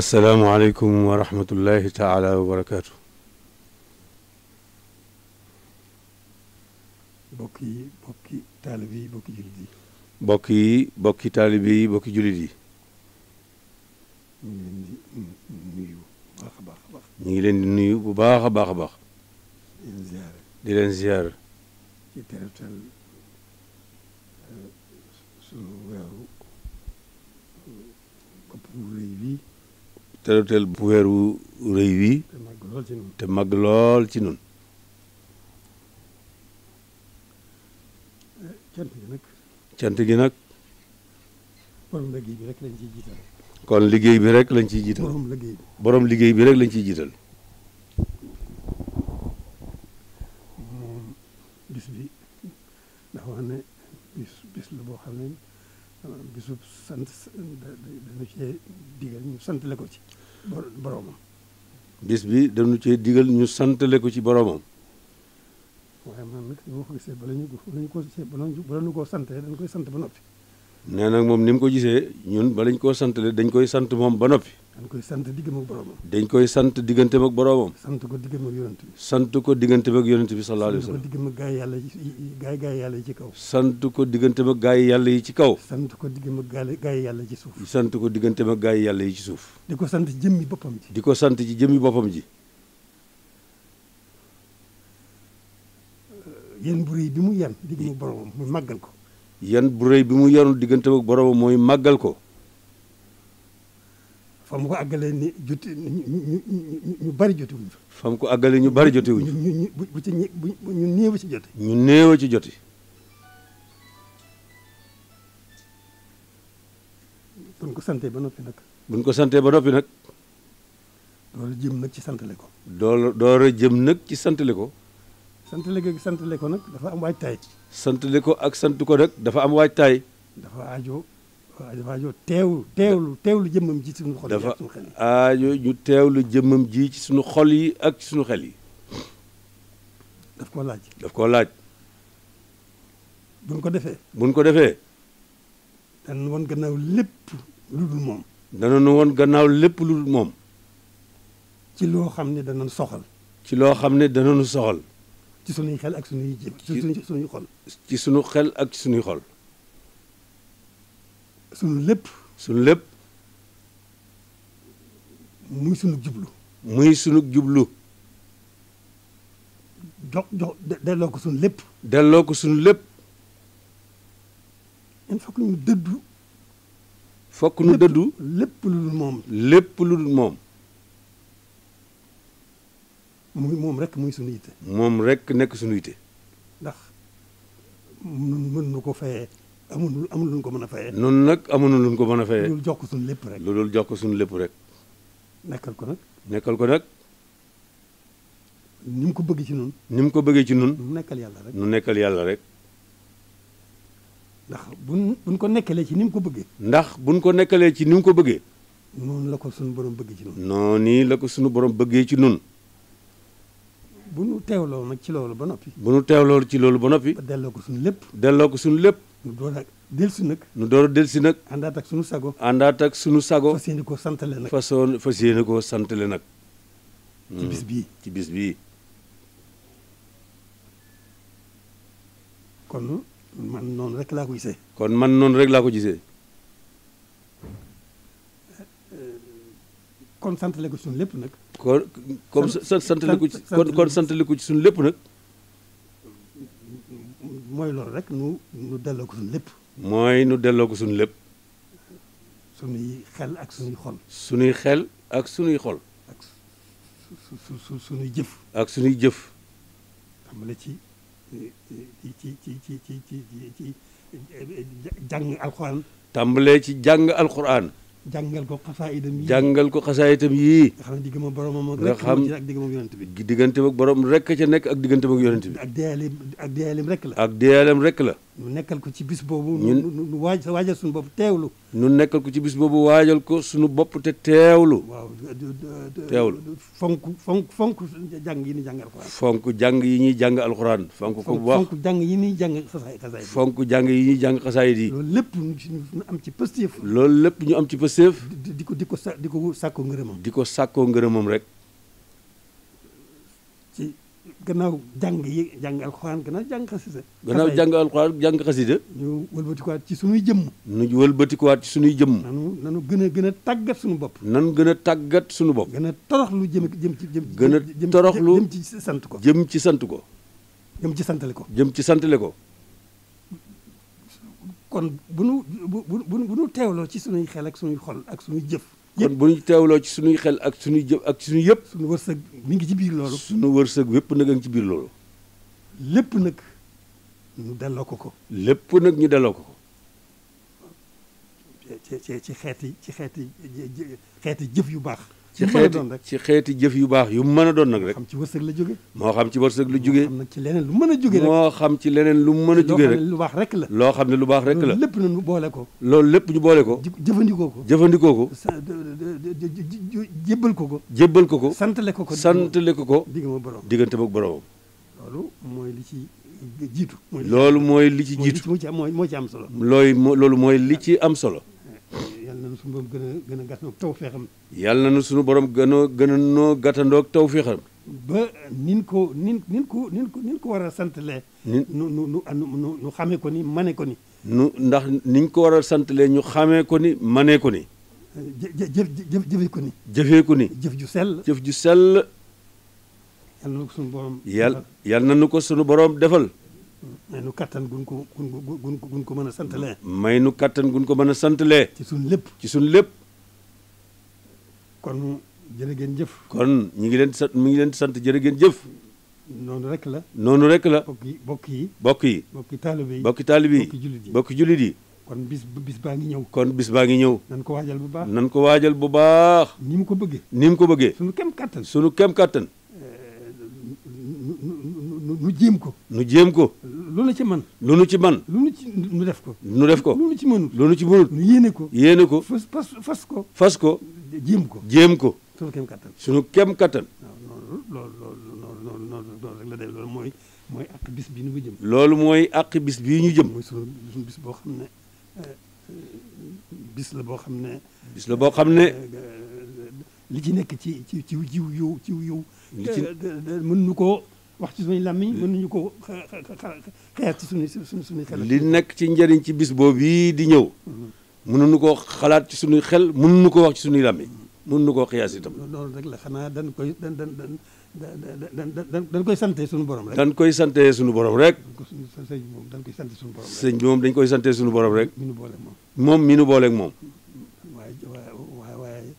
السلام عليكم ورحمة الله تعالى وبركاته mbokk yi mbokki taalib yi mbokki jullit yi mbokk yi mbokki taalib yi mbokki jullit yi ñu ngi leen di nuyu bu baax a baax a baax ñu ngi leen di nuyu bu baax a baax a baax di leen ziar di leen ziar ci tereftal sunu weeru bopp bu rëy bii terewteel bu weer wu rëy wii mag lool ci nun cant gi nag borom liggéey bi rek lañ ciy jiital kon liggéey bi rek lañ ciy jiital borom liggéey bi rek lañ ciy jiital moom boo xam bisub sant dañu cee digal ñu sant la ko ci boroomam bis bi dañu cee digal ñu sant la ko ci boroomam waaye man nag boo ko gisee bala ñu ko bala ñu koo santee dañ koy sant ba noppi nee nag moom ni mu ko gisee ñun bala ñu koo santale dañ koy sant moom ba noppi dañ koy sant diggam ak boroomam. dañ koy sant digganteem ak boroomam. sant ko diggam ak yonent bi. sant ko diggante ak yonent bi sallallahu alayhi wa sallam. sant ko diggam ak gaay yàlla yi gaay gaay yàlla ci kaw. sant ko digganteem ak gaay yàlla yi ci kaw. sant ko diggam ak gaay yàlla yi ci suuf. sant ko diggante ak gaay yàlla yi ci suuf. di ko sant ci jëmmi boppam ji. di ko sant ci jëmmi boppam ji. yan bu rëy bi mu yan diggam ak boroomam muy ko. yan bu bi mu yanu digganteem ak boroomam mooy màggal ko. fa ko àggalee ni juti ñu bari jotiwuñ fa fa mu ko àggalee ñu bari jotiwuñ ñu bu ñu néew ci joti ñu néew ci joti buñ ko santee ba noppi nag buñ ko santee ba noppi nag door jëm nag ci santale ko door door jëm nag ci santale ko santale ko santale ko nag dafa am waajtaay santale ko ak santu ko nag dafa am waajtaay dafa aajo waaw dafa teew teewlu teewlu teewlu jëmmam ji ci suñu xol yi ak suñu xel yi. jëmmam ji ci suñu xol yi ak suñu xel yi. daf koo laaj. daf koo laaj. buñ ko defee. buñ ko defee. woon gannaaw lépp lu dul moom. danañ woon gannaaw lépp lu dul moom. ci loo xam ne danañ soxal. ci loo xam ne danañ soxal. ci sunuy xel ak sunuy jëm xol. ci sunu xel ak sunuy xol. sunu lépp. sunu lépp. muy sunu jublu. muy sunu jublu. jox jox delloo ko sunu lépp. delloo ko sunu lépp. il faut que dëddu. fokk nu dëddu lépp lu dul moom. lépp lu dul moom. muy moom rek muy sunu yitte. moom rekk nekk sunu yitte. ndax mën mënuñu ko fayee. amul amul luñ ko mën a fayee. noonu nag amuñu luñ ko mën a fayee. lu dul jox suñu lépp rek. lu dul jox suñu lépp rek. nekkal ko nag. nekkal ko nag. ni mu ko bëggee ci nun ni mu ko bëggee ci nun nu nekkal yàlla rek nu nekkal yàlla rek. ndax buñ buñ ko nekkalee ci ni mu ko bëggee. ndax buñ ko nekkalee ci ni mu ko bëggee. noonu la ko suñu borom bëggee ci nun noonu nii la ko suñu borom bëggee ci nun bu nu teewloo nag ci loolu ba noppi. bu nu teewloo ci loolu ba noppi. delloo ko suñu lépp. delloo ko suñu lépp. ñu door a dellusi nag. ñu door a dellusi nag. àndaat ak sunu sago. àndaat ak sunu sago. fas yéene koo santale nag. façon fas yéene koo santale nag. ci bis bii hmm. ci bis bii. kon man noonu rek laa ko gisee. kon man noonu rek laa ko gisee. kon santale ko ci sunu lépp nag. kon comme santale ko ci kon santale ko ci sunu lépp nag. mooy loolu rek nu nu delloo ko suñu lépp. mooy nu delloo ko suñu lépp. suñuy xel ak suñuy xol. suñuy xel ak suñuy xol. ak su suñuy jëf. ak suñuy jëf. xam ci ci ci ci ci ci ci jàng alxuraan. tàmbalee ci jàng alxuraan. jàngal ko xasaayidam yii jàngal ko xasaayidam yii. nga xam diggante boromam rek ak diggante yonent bi. diggante borom rek ca nekk ak diggante borom yonent bi. ak deeyaaleem ak deeyaaleem rek la. ak deeyaaleem rek la. ñu nekkal ko ci bis boobu. ñun waaj waajal suñu bopp teewlu. ñu nekkal ko ci bis boobu waajal ko suñu bopp te teewlu. fonk fonk fonk jàng yi ñuy jàng alxuraan. fonk jàng yi ñuy jàng alxuraan. fonk ko bu baax yi ñuy jàng fonk jàng yi ñuy jàng loolu lépp ñu am ci pësteef. loolu lépp ñu am ci pësteef. di ko di ko sa di ko sàkkoo ngërëmam. di ko sàkkoo ngërëmam rek. gannaaw jàng yi jàng alxuraan gannaaw jàng xasida gannaaw jàng alxuraan jàng xasida ñu wëlbatikuwaat ci sunuy jëmm ñu wëlbatikuwaat ci sunuy jëmm nanu nanu gën a gën a tàggat suñu bopp nanu gën a tàggat suñu bopp gën a torox lu jëm jëm ci jëm gën a torox lu jëm ci sant ko jëm ci sant ko jëm ci santale ko jëm ci santale ko kon bu nu bu bu bu nu teewloo ci sunuy xel ak sunuy xol ak sunuy jëf kon bu ñu teewloo ci suñuy xel ak suñuy jë ak suñuy yëpp. suñu wërsëg mi ngi ci biir loolu. suñu wërsëg wépp nag a ngi ci biir loolu. lépp nag ñu delloo ko ko. lépp nag ñu delloo ko ko. ci ci ci xeeti ci xeeti xeeti jëf yu baax. ci xeeti ci xeeti jëf yu baax yu mën a doon nag rek. moo xam ci wërsëg la jóge moo xam ci wërsëg la jóge moo ci leneen lu mën a jóge rek moo xam ci leneen lu mën a rek lu baax rek la loo xam ne lu baax rek la loolu lépp ñu boole ko loolu lépp ñu boole ko jëfandikoo ko jëfandikoo ko jébbal ko ko jébbal ko ko santale ko ko santale ko ko diggante ak boromam loolu mooy li ci jiitu loolu mooy li ci jiitu moo ci am solo looy loolu mooy li ci am solo yàlla na nu suñu borom gën a gën a gàttandoog tawféexam. na suñu borom gën gën a noo gàttandoog tawféexam. ba nin ko nin ko nin ko ko war a santale nin nu nu ko ni mane ko ni. nu ndax niñ ko war a santalee ñu xamee ni mane ko ni. jë ko ni. jëfee ko ni. jëf ju sell. jëf ju sell. yàlla na nu ko suñu borom. yàlla yal na nu ko suñu borom defal. may nu kattan gun ko gun ko gun ko mën a santalee. may nu kattan gun ko mën a santalee. ci suñ lépp ci suñ lépp. kon jërë jëf. kon ñu ngi leen sant mi ngi leen sant jërë ngeen jëf. noonu rek la. noonu rek la. bokk yi bokk yi. bokk yi bokk taalibe yi bokk taalibe yi bokk jullit yi bokk yi. kon bis bis baa ngi ñëw. kon bis baa ngi ñëw. nan ko waajal bu baax nan ko waajal bu baax. ni ko bëggee. ni ko bëggee. sunu kem kattan sunu kem kattan. Eh, nu jéem ko. nu jéem ko. loolu ci man lu ci man lu nu ci nu def ko nu def ko lu ci mënut loolu ci mënut nu yéene ko yéene ko fas fas fas ko fas ko jéem ko jéem ko sunu kem kattan sunu kattan waaw loolu loolu loolu loolu la def loolu mooy mooy àq bis bi ñu jëm loolu mooy àq bii ñu jëm mooy sunu bis boo xam ne euh, bis la boo xam ne bis la boo xam ne euh, euh, li ci nekk ci ci ci jiw yow ciw yow ci mën nu ko wax ci suñuy làmmiñ mënuñu ko xalaat ci suñuy suñu suñuy xel li nekk ci njëriñ ci bis boobu yii di ñëw mm-hmm. mënuñu koo xalaat suñuy xel mënuñu ko wax ci suñuy làmmiñ mënuñu koo xiyaas itam loolu rek xanaa dañ koy dan dan dan da dañ koy sante suñu borom rek dañ koy sante suñu borom rek sëñ bi moom dañ koy sante suñu borom sëñ bi dañ koy sante suñu borom rek mi nu booleeg moom moom mi nu booleeg moom waaye waaye waaye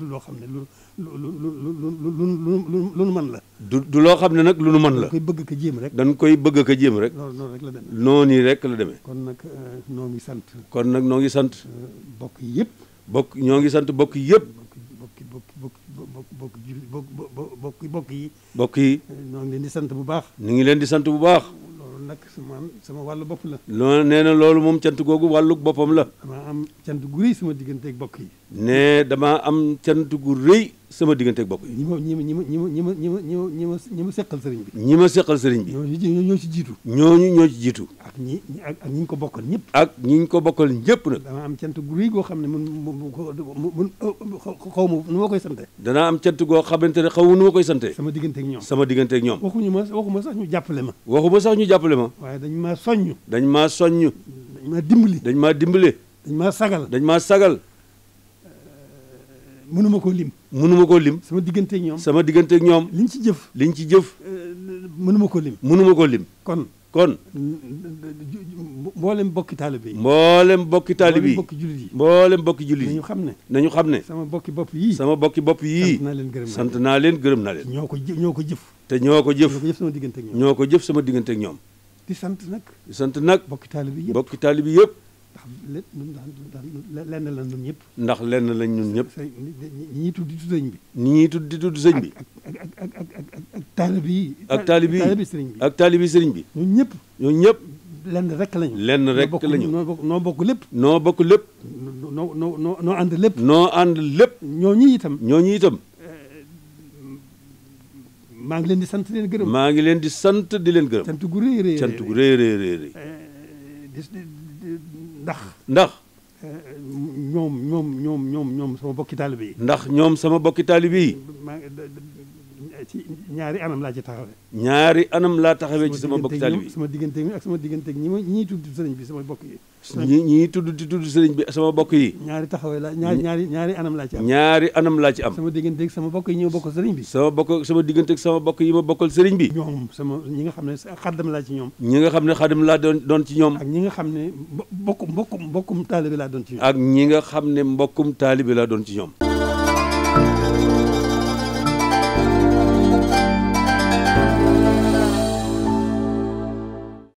du loo xam ne lu lu lu lu lu lu lu nu mën la. du du loo xam ne nag lu nu mën la. dañ koy bëgg ka jéem rek. dañ koy bëgg ka jéem rek. loolu noonu rek la demee. noonu rek la demee. kon nag euh, noo ngi sant. kon nag noo ngi sant. Euh, bokk yëpp. bokk ñoo ngi sant bokk yëpp. bokk bokk bokk bokk bokk bokk yi. bokk yi. Euh, noo ngi leen di sant bu baax. ñu ngi leen di sant bu baax. nag sama sama wàllu bopp la. loo nee na loolu moom cant googu wàllu boppam la. damaa am cant gu rëy sama digganteeg bokk yi. nee dama am cant gu rëy sama digganteeg bokk yi. ñi ma ñi ma ñi ñi ma ñi ma ñi ma ma seqal sëriñ bi. ñi ma seqal sëriñ bi. ñooñu ñoo ci jiitu. ñooñu ñoo ci ñi ak ak ñi ko bokkal ñëpp. ak ñi ñu ko bokkal ñëpp nag. dana am cant gu rëy goo xam ne mun mun mun xaw ma nu ma koy sante. danaa am cant goo xamante ne xaw ma nu koy sante. sama digganteeg ñoom sama digganteeg ñoom. waxuñu ma waxuma sax jàppale ma. waxuma sax ñu jàppale ma. waaye dañ maa soññu. dañ maa soññu. dañ dimbali. dañ maa dimbali. maa sagal. dañ maa sagal. mënuma koo lim. mënuma koo lim. sama digganteeg ñoom. sama digganteeg ñoom. liñ ci jëf. liñ ci jëf. mënuma koo lim. mënuma koo lim kon. kon mboolem bokki taalibe yi mboolem bokki taalibe yi bokki jullit yi mboolem bokki jullit yi nañu xam ne nañu xam ne sama bokki bopp yi sama bokki bopp yii sant naa leen gërëm naa ñoo ko ñoo ko jëf te ñoo ko jëf ñoo ko jëf sama diggante ak ñoom di sant nag di sant nag bokki taalibe yëpp bokki taalibe yëpp ndax lenn la ñun ñëpp. ndax lenn lañ ñun ñëpp. ñi ñuy tudd di tudd bi. ñi ñuy tudd di tudd sëñ bi. ak ak ak ak ak ak taalibi ak taalibi yi ak bi. ñun ñëpp. ñun ñëpp. lenn rek lañu. lenn rek lañu noo bokk lépp. noo bokk lépp. noo noo noo noo ànd lépp. noo ànd lépp. ñooñu itam. ñooñu itam. Eh, maa ngi leen di sant di leen gërëm. maa ngi leen di sant di leen gërëm. cant gu ndax ndax ñoom ñoom ñoom ñoom ñoom sama bokki taalibe ndax ñoom sama bokki taalibe yi ci ñaari anam laa ci taxawee. ñaari anam laa taxawee ci sama bokk taalibe bi sama digganteeg ñoom sama digganteeg ñi ma ñiy tudd sëriñ bi sama bokk yi. ñi ñiy tudd di tudd sëriñ bi sama bokk yi. ñaari taxawee laa ñaari ñaari ñaari anam laa am. ñaari anam laa ci am. sama digganteeg sama bokk yi ñi ma bokkal sëriñ bi. sama bokk sama digganteeg sama bokk yi ma bokkal sëriñ bi. ñoom sama ñi nga xam ne xaddam laa ci ñoom. ñi nga xam ne xaddam laa doon doon ci ñoom. ak ñi nga xam ne mbokkum mbokkum mbokkum taalibe laa doon ci ak ñi nga xam ne mbokkum taalibe laa doon ci ñoom